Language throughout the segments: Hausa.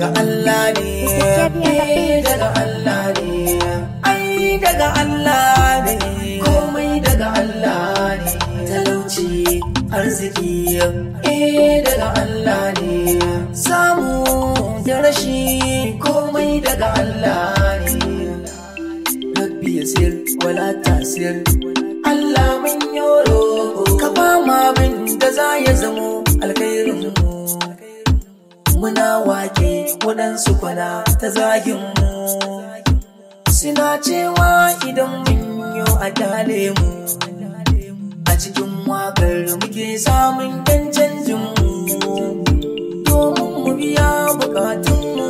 daga Allah ne daga Allah ne ai daga Allah ne komai daga Allah ne talauci arziki eh daga Allah ne samu da rashi komai daga Allah ne rabbi yasir wala tasir Allah mun yoro ka ba ma da za ya zamo alkhairin muna wake waɗansu kwana ta zaginmu mu suna cewa idan mun yi a dale mu a cikin wakar muke samun yan canjin mu domin mu biya bukatun mu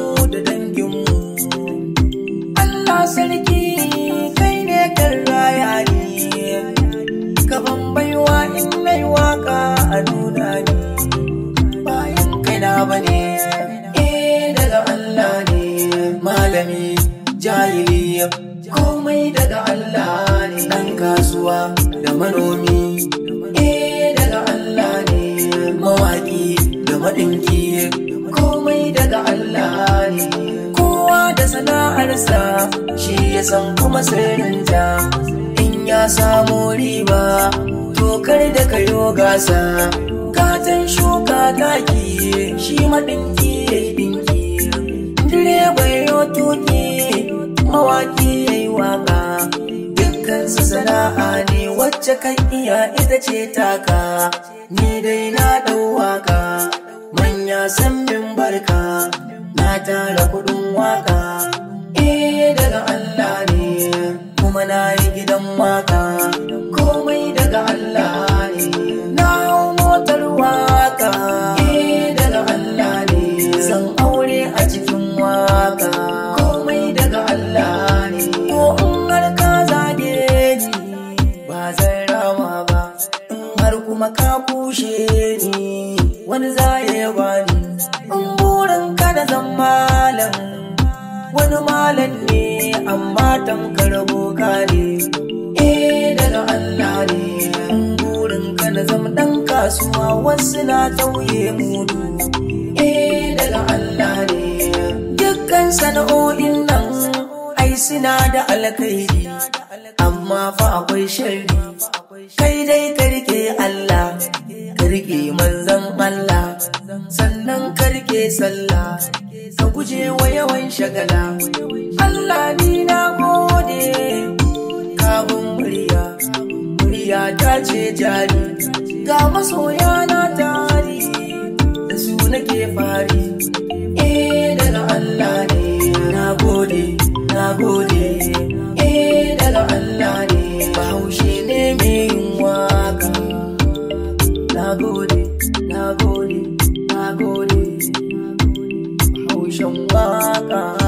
malami jahili komai daga Allah ne dan kasuwa da manomi eh daga Allah ne mawaki da maɗinki komai daga Allah ne kowa da sana'arsa shi ya san kuma ta in ya samu riba tokar da kayo gasa fatan shuka taki shi maɗinki ya yi ɗinki bai matuki mawaki yayi yi waka su sana'a ne wacce kan iya ita ce taka ni dai na dau waka manya san min barka na tara kudin waka eh daga Allah ne kuma na yi gidan waka komai daga Allah ne na motar waka kuma ka kushe ni wani zaye bani in burin ka da zan malam wani malam ne amma tamkar boka ne eh daga Allah ne in burin ka da zan dan kasuwa wasu na tauye mudu eh daga Allah ne dukkan sana'o'in nan ai suna da alkairi amma fa akwai sharri kai dai karke Allah sannan karke sallah ka guje wa yawan shagala Allah ni na gode kawun murya murya ta ce jari ga masoya na tari da su nake fari love.